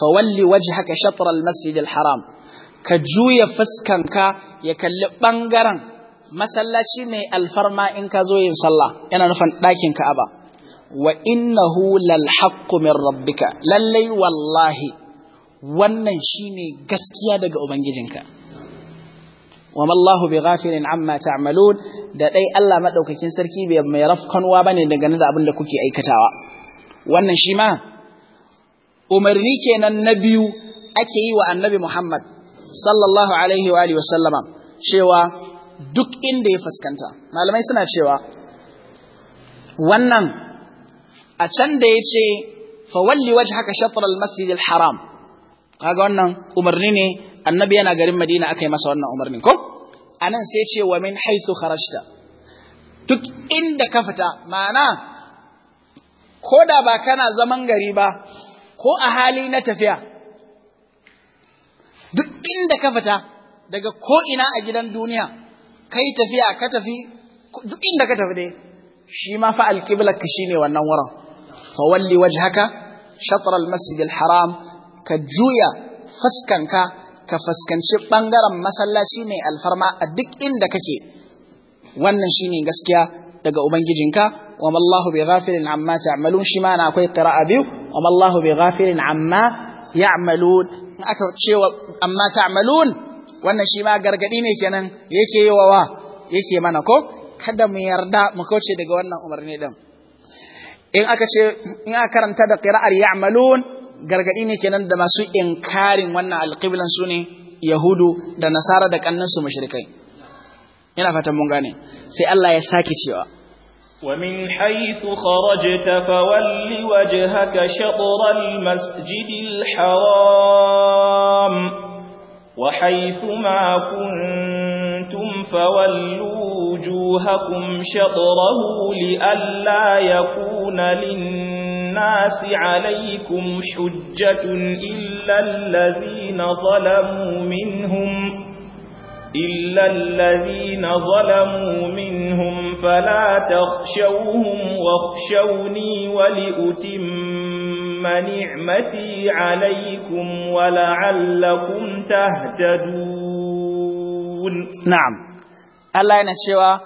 فولي وجهك شطر المسجد الحرام كجوية فسكنك يكلب بانقران masallaci ne alfarma in ka zo yin sallah yana nufin ɗakin ka'aba wa innahu lal min rabbika lallai wallahi wannan shine gaskiya daga ubangijinka wa mallahu bi ghafilin amma ta'malun da dai Allah madaukakin sarki bai mai rafkanwa bane dangane da abin da kuke aikatawa wannan shi ma umarni kenan na biyu ake yi wa annabi Muhammad sallallahu alaihi wa alihi wa sallama cewa duk inda ya fuskanta malamai suna cewa wannan a can da ya ce fawalli waje haka shafar almasjidil haram kaga wannan umarni ne annabi yana garin madina aka yi masa wannan umarni ko a nan sai ce wa min haisu kharashta duk inda ka fita ma'ana ko da ba kana zaman gari ba ko a hali na tafiya duk inda ka fita daga ko ina a gidan duniya kai tafiya ka tafi duk inda ka tafi dai shi ma fa alqibla ka shine wannan wurin fa walli wajhaka shatr almasjid alharam ka juya fuskanka ka fuskanci bangaren masallaci mai alfarma a duk inda kake wannan shine gaskiya daga ubangijinka wa mallahu bi ghafilin amma ta'malun shi ma na akwai qira'a biyu wa mallahu bi ghafilin amma ya'malun in aka cewa amma ta'malun wannan shi ma gargadi ne kenan yake yi wa yake mana ko kada mu yarda mu kauce daga wannan umarni din in aka ce in aka karanta da qira'ar ya'malun gargadi ne kenan da masu inkarin wannan alqiblan su ne yahudu da nasara da kannansu mushrikai ina fatan mun gane sai Allah ya sake cewa wa ومن حيث خرجت فول وجهك شطر المسجد الحرام وحيث ما كنتم فولوا وجوهكم شطره لئلا يكون للناس عليكم حجة إلا الذين ظلموا منهم إلا الذين ظلموا منهم فلا تخشوهم واخشوني ولأتم نعمتي عليكم ولعلكم تهتدون نعم cewa wa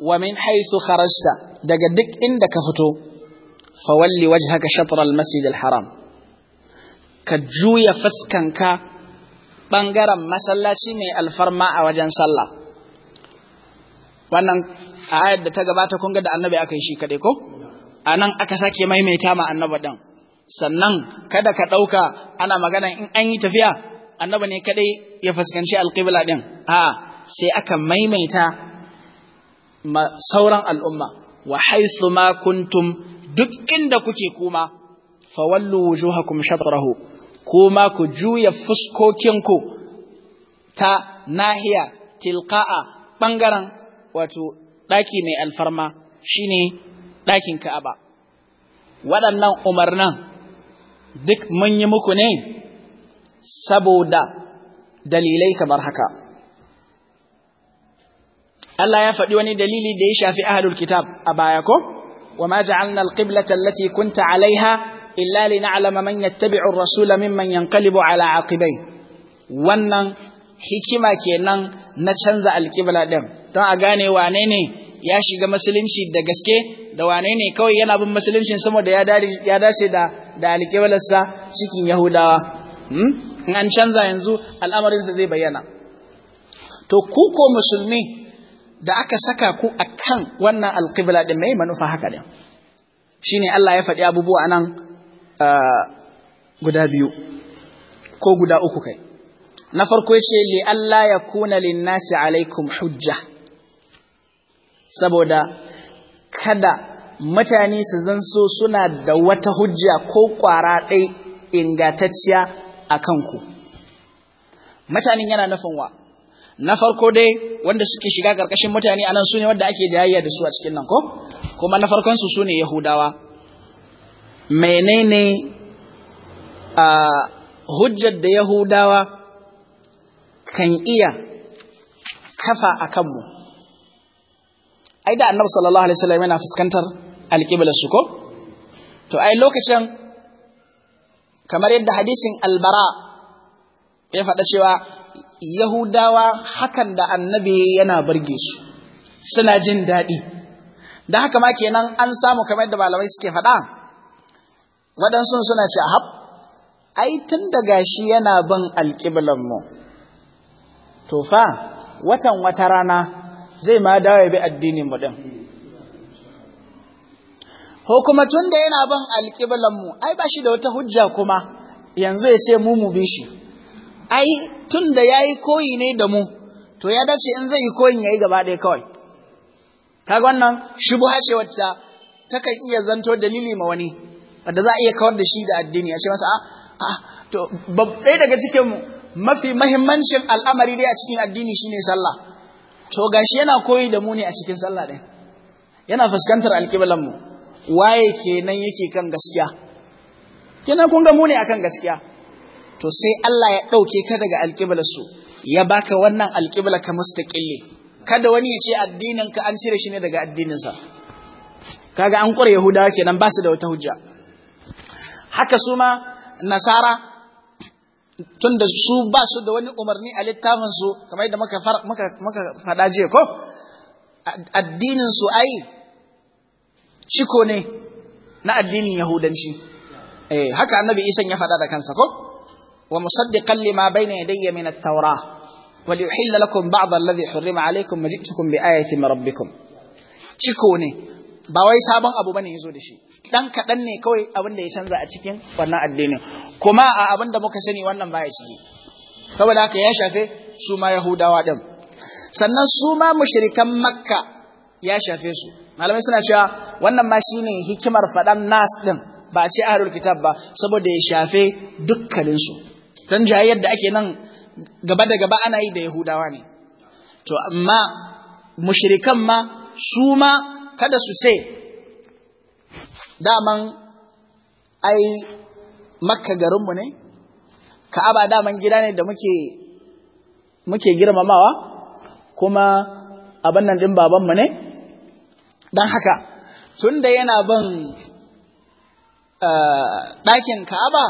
ومن حيث خرجت daga duk inda ka fito fawalli wajhaka shatr al-masjid al-haram ka juya fuskanka ɓangaren masallaci mai alfarma a wajen sallah wannan ayar da ta gabata kun ga da annabi aka yi shi kadai ko anan aka sake maimaita ma annabi din sannan kada ka ɗauka ana magana in an yi tafiya annaba ne kadai ya fuskanci alƙibla ɗin a sai aka maimaita sauran al'umma wa haithu ma kuntum duk inda kuke kuma fawallu wujuhakum shatrahu kuma ku juya fuskokinku ta nahiya tilqa'a bangaren wato ɗaki mai alfarma shine ɗakin Ka'aba waɗannan umarnan duk mun yi muku ne saboda dalilai kamar haka Allah ya faɗi wani dalili da ya shafi ahlul kitab a baya ko wa ma ja'alna al-qiblata allati kunta 'alayha illa na'lama man yattabi'u ar-rasula mimman yanqalibu 'ala 'aqibai wannan hikima kenan na canza al-qibla din don a gane wane ne ya shiga musulunci da gaske da wane ne kawai yana bin musuluncin saboda ya dace da da alƙiblarsa cikin yahudawa hmm? in an canza yanzu al'amarinsa zai bayyana to ku ko musulmi da aka saka ku akan wannan alƙibla din mai manufa haka ne shine Allah ya faɗi abubuwa nan ah, guda biyu ko guda uku kai na farko yace ce li Allah ya kuna linnasi alaikum hujja saboda kada mutane su so suna da wata hujja ko ƙwara ɗai ingatacciya a kanku mutanen yana nufin wa na farko dai wanda suke shiga ƙarƙashin mutane a nan su ne wanda ake jayayya da su a cikin nan ko kuma na farkonsu su ne yahudawa menene a hujjar da yahudawa kan iya kafa a kanmu ai da annabi sallallahu alaihi wasallam yana fuskantar alƙiblarsu ko? To, ai lokacin kamar yadda hadisin albara ya faɗa cewa Yahudawa hakan da annabi yana burge su, suna jin daɗi. Da haka ma kenan an samu kamar yadda malamai suke faɗa, waɗansu suna ce, a ai tun da gashi yana bin alƙiblarmu. To fa, watan wata rana zai ma dawo ya bi addinin mu ɗin. ko kuma tun da yana ban alƙiblanmu ai ba shi da wata hujja kuma yanzu ya ce mu mu bi shi ai tun da ya yi koyi ne da mu to ya dace in zai yi koyin ya yi gaba ɗaya kawai kaga wannan shubuha ce wacce kan iya zanto dalili ma wani wanda za a iya kawar da shi da addini a ce masa a ah, ah, to babbe daga cikin mafi mahimmancin al'amari dai a cikin addini shine sallah to gashi yana koyi da mu ne a cikin sallah din yana fuskantar alƙiblanmu mu waye kenan yake kan gaskiya kenan kun ga mu ne akan gaskiya to sai Allah ya ɗauke ka daga alƙiblar su ya baka wannan alqibla ka mustaqilli kada wani ya ce addinin ka an cire shi ne daga addininsa kaga an ƙure yahudawa kenan ba su da wata hujja haka su ma nasara tunda su ba su da wani umarni a littafin su kamar da muka faɗa jiya ko addinin su ai ciko ne na addinin yahudanci eh haka annabi isan ya faɗa da kansa ko wa musaddiqan lima bayna yadayya min at-taura Wa li yuhilla lakum ba'd alladhi hurrima alaykum majitukum bi ayatin rabbikum ciko ne ba wai sabon abu bane yazo da shi dan kadan ne kawai abin da ya canza a cikin wannan addinin kuma a abin da muka sani wannan baya ciki saboda haka ya shafe su ma yahudawa din sannan su ma mushrikan makka ya shafe su malamai suna cewa wannan ma shine hikimar faɗan nas ɗin ba ce ahlul kitab ba saboda ya shafe dukkaninsu dan jayayyar da ake nan gaba da gaba ana yi da yahudawa ne to amma mushrikan ma su ma kada su ce daman ai makka garinmu ne ka'aba daman gida ne da muke muke girmamawa kuma abin nan ɗin babanmu ne Dan haka tunda yana ban eh, ɗakin ka'aba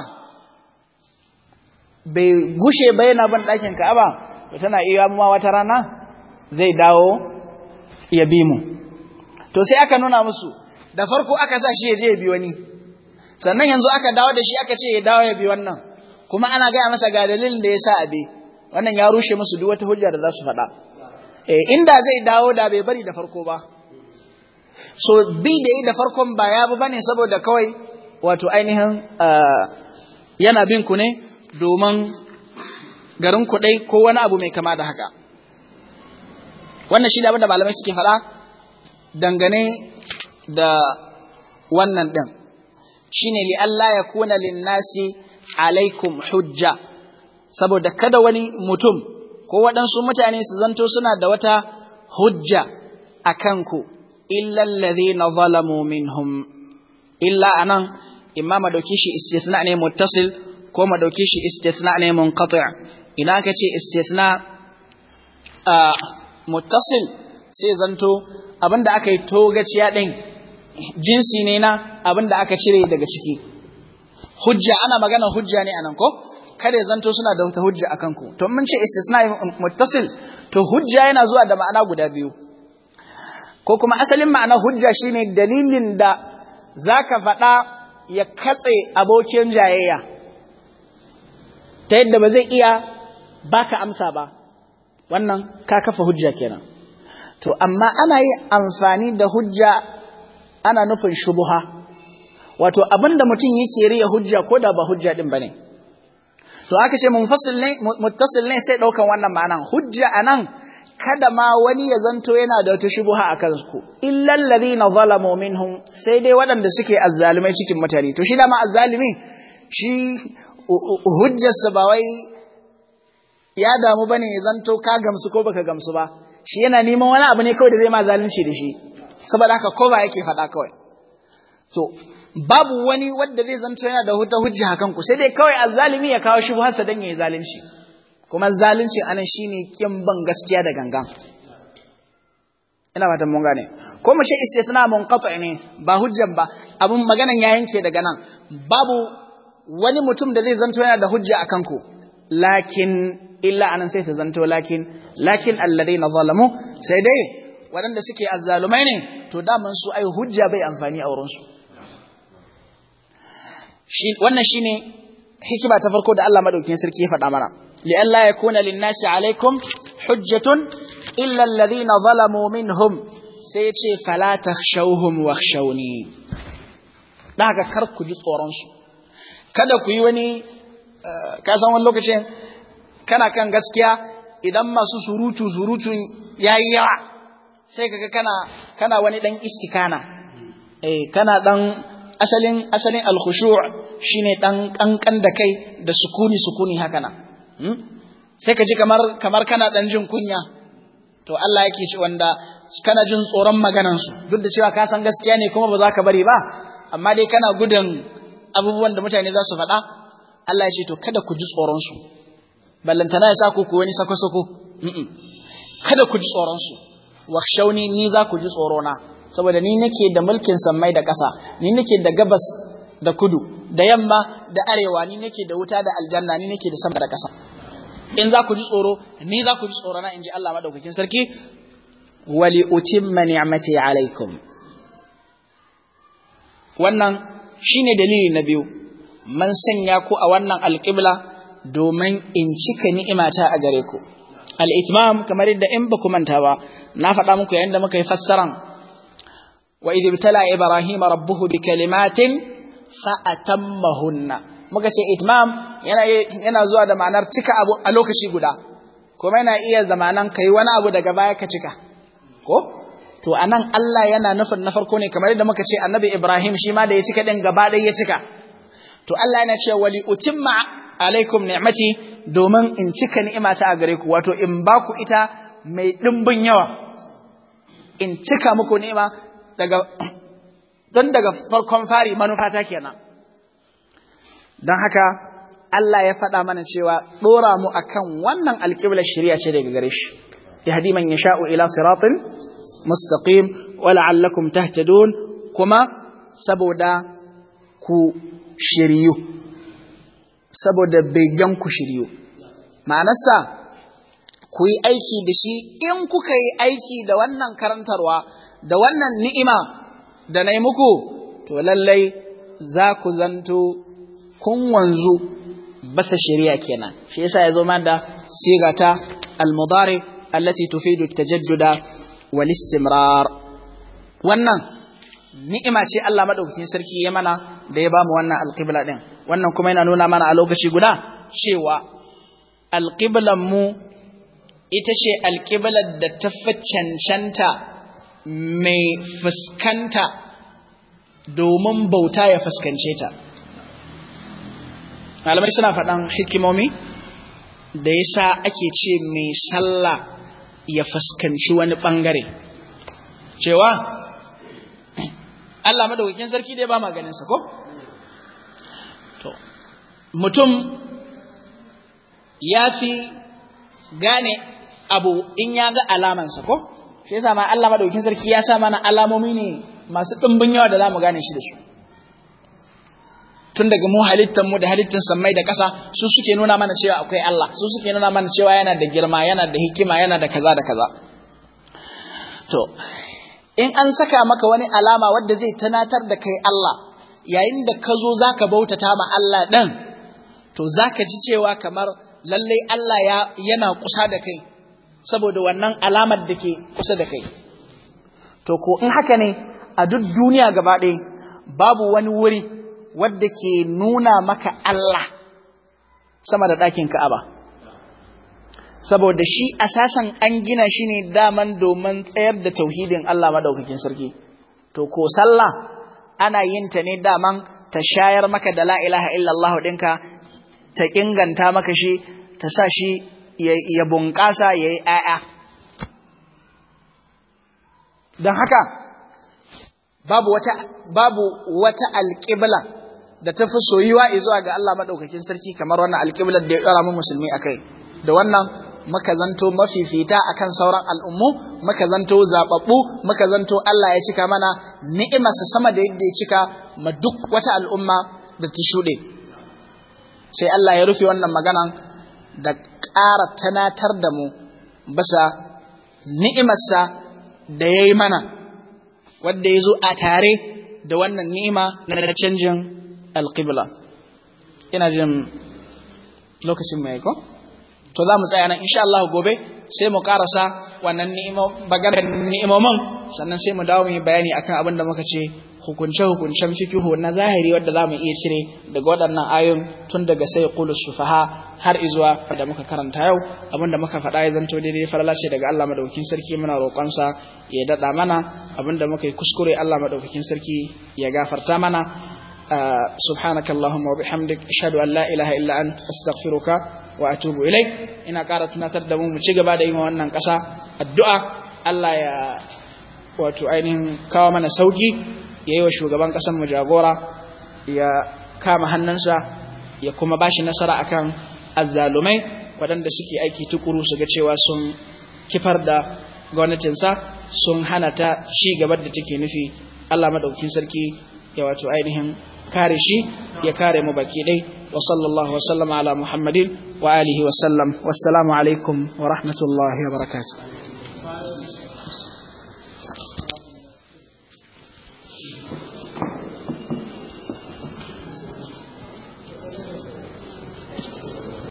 bai gushe ba yana ban ɗakin ka'aba to tana iya ma wata rana zai dawo ya bi mu to sai aka nuna musu da farko aka sa shi ya je ya bi wani sannan yanzu aka dawo da shi aka ce ya dawo ya bi wannan kuma ana gaya masa ga dalilin da ya sa abe wannan ya rushe musu duk wata hujja da za su faɗa eh inda zai dawo da bai bari da farko ba so bi da yi da farkon ba ya bu bane saboda kawai wato ainihin ah, yana bin ku ne domin garin ku dai ko wani abu mai kama da haka wannan shi da abin da malamai suke faɗa dangane da wannan ɗin shine ne, Allah ya kuna linnasi alaikum hujja saboda kada wani mutum ko waɗansu mutane su zanto suna da wata hujja a kanku illa alladhina zalamu minhum illa anan imma madauki shi istithna ne muttasil ko madauki shi istithna ne munqati ina ka ce a muttasil sai zanto abinda aka yi togaciya din jinsi ne na abinda aka cire daga ciki hujja ana magana hujja ne anan ko kada zanto suna da wata hujja akan ku to mun ce istisna muttasil to hujja yana zuwa da ma'ana guda biyu ko kuma asalin ma'ana hujja shine dalilin da zaka faɗa ya katse abokin jayayya ta yadda ba zai iya baka amsa ba wannan ka kafa hujja kenan to amma ana yi amfani da hujja ana nufin shubuha wato abinda mutum yake riya hujja ko da ba hujja din bane to aka ce fasil ne muttasil ne sai daukan wannan ma'anan hujja anan kada ma wani ya zanto yana da wata shubuha a kansu illal ladina zalamu minhum sai dai waɗanda suke azzalumai cikin mutane to shi da ma azzalumi shi hujjarsa ba wai ya damu bane ya zanto ka gamsu ko baka gamsu ba shi yana neman wani abu ne kawai da zai ma zalunci da shi saboda haka ko ba yake faɗa kawai to babu wani wanda zai zanto yana da wata hujja hakan sai dai kawai azzalumi ya kawo shubuhar sa dan yayi zalunci kuma zalunci anan shine kin ban gaskiya da gangan ina fatan mun gane ko mu shi istisna munqati ne ba hujjan ba abun maganan ya yanke daga nan babu wani mutum da zai zanto yana da hujja akan ku lakin illa anan sai ta zanto lakin lakin alladheena zalamu sai dai waɗanda suke azzalumai ne to daman su ai hujja bai amfani a wurinsu wannan shine hikima ta farko da Allah madaukakin sarki ya faɗa mana لئلا يكون للناس عليكم حجة إلا الذين ظلموا منهم سيتي فلا تخشوهم واخشوني daga kar ku ji tsoronsu kada ku yi wani ka wani lokacin kana kan gaskiya idan masu surutu surutu yayi yawa sai kaga kana wani dan istikana eh kana dan asalin asalin al shine dan kankan da kai da sukuni sukuni haka nan Hmm? sai ka ji kamar kana ɗan jin kunya to Allah yake ce wanda kana jin tsoron maganansu. duk da cewa ka san gaskiya ne kuma ba za ka bari ba amma dai kana gudun abubuwan da mutane za su faɗa Allah ya ce to kada ku ji tsoronsu. su ballantana ya sa ku ku wani sako-sako kada ku ji tsoronsu. wakshauni ni za ku ji tsoro na saboda ni nake da mulkin sammai da ƙasa ni nake da gabas da kudu da yamma da arewa ni nake da wuta da aljanna ni nake da sama da ƙasa in za ku ji tsoro ni za ku ji tsoro na in ji Allah madaukakin sarki wali utimma ni'mati alaikum wannan shine dalili na biyu man sanya ku a wannan alƙibla domin in cika ni'imata a gare ku al-itmam kamar yadda in ba ku manta ba na faɗa muku yayin da muka yi fassaran wa idh ibtala ibrahima rabbuhu bi kalimatin fa'atammahunna muka ce itmam yana yana zuwa da ma'anar cika abu a lokaci guda kuma yana iya zamanan kai wani abu daga baya ka cika ko to anan Allah yana nufin na farko ne kamar yadda muka ce annabi Ibrahim shi ma da ya cika din gaba ɗaya ya cika to Allah yana cewa wali utimma alaikum ni'mati domin in cika ni'imata a gare ku wato in ba ku ita mai dimbin yawa in cika muku ni'ima daga don daga farkon fari manufa ta kenan don haka Allah ya faɗa mana cewa ɗora mu akan wannan alƙiblar shari'a ce daga gare shi yahdi man yasha'u ila siratin mustaqim wa la'allakum tahtadun kuma saboda ku shiryu saboda begen ku shiryu ma'anarsa ku yi aiki da shi in kuka yi aiki da wannan karantarwa da wannan ni'ima da na yi muku to lallai za ku zanto kun wanzu basa shari'a kenan shi yasa ya zo da siga ta al allati tufidu tajadduda wal istimrar wannan ni'ima ce Allah madaukakin sarki ya mana da ya bamu wannan alqibla din wannan kuma yana nuna mana a lokaci guda cewa alqiblan mu ita ce alqiblar da ta fi cancanta mai fuskanta domin bauta ya fuskance ta malamai suna faɗan hikimomi da ya sa ake ce mai sallah ya fuskanci wani ɓangare cewa Allah madaukakin sarki dai ba maganinsa ko? mutum ya fi gane abu in ya ga alamansa ko? shi yasa ma Allah madaukin sarki ya sa mana alamomi ne masu dimbin yawa da zamu gane shi da su tun daga mu halittan mu da halittar sammai da ƙasa su suke nuna mana cewa akwai Allah su suke nuna mana cewa yana da girma yana da hikima yana da kaza da kaza to in an saka maka wani alama wadda zai tanatar da kai Allah yayin da ka zo zaka bautata ma Allah ɗan to zaka ji cewa kamar lallai Allah yana kusa da kai saboda wannan alamar da ke kusa da kai to ko in haka ne a duk duniya gaba ɗaya babu wani wuri wadda ke nuna maka Allah sama da ɗakin Ka'aba saboda shi asasan an gina shi ne daman domin tsayar da tauhidin Allah madaukakin sarki to ko sallah ana yin ta ne daman ta shayar maka da la'ilaha ilaha illallah ɗinka ta inganta maka shi ta sa shi ya bunƙasa ya yi ‘ya'ya. Don haka, babu wata, babu wata alƙibla da ta fi soyuwa izuwa ga Allah maɗaukakin sarki kamar wannan alƙiblar da ya ɗora mu musulmi akai. Da wannan muka zanto mafifita akan sauran al'ummu, muka zanto zaɓaɓɓu, muka zanto Allah ya cika mana ni'imarsa sama da yadda ya cika ma duk wata al'umma da ta shuɗe. Sai Allah ya rufe wannan maganan da ƙara tanatar da mu basa ni'imarsa da ya yi mana wadda ya zo a tare da wannan ni'ima na canjin alƙibla ina jin lokacin mai ko to za mu tsaya nan insha Allah gobe sai mu karasa wannan ni'imomin sannan sai mu dawo mu yi bayani akan abin da muka ce hukunce-hukuncen fikihu na zahiri wadda za mu iya cire daga waɗannan ayon tun daga sai Kulu sufaha har izuwa da muka karanta yau abinda muka faɗa ya zanto daidai falala ce daga Allah madaukakin sarki muna roƙonsa ya daɗa mana abinda muka yi kuskure Allah madaukakin sarki ya gafarta mana ah, subhanaka allahumma wa bihamdik ashhadu an la ilaha illa ant astaghfiruka wa atubu ilaik ina ƙara tunatar da mu mu ci gaba da yi wa wannan ƙasa addu'a Allah ya wato ainihin kawo mana sauki ya yi wa shugaban ƙasar mu jagora ya kama hannunsa ya kuma ba shi nasara akan azzalumai waɗanda suke aiki tukuru su ga cewa sun kifar da gwamnatinsa sun hana ta ci gaba da take nufi Allah maɗaukin sarki ya wato ainihin kare shi ya kare mu baki dai wa sallallahu wa sallama ala muhammadin wa alihi wa sallam wassalamu alaikum wa rahmatullahi wa barakatuh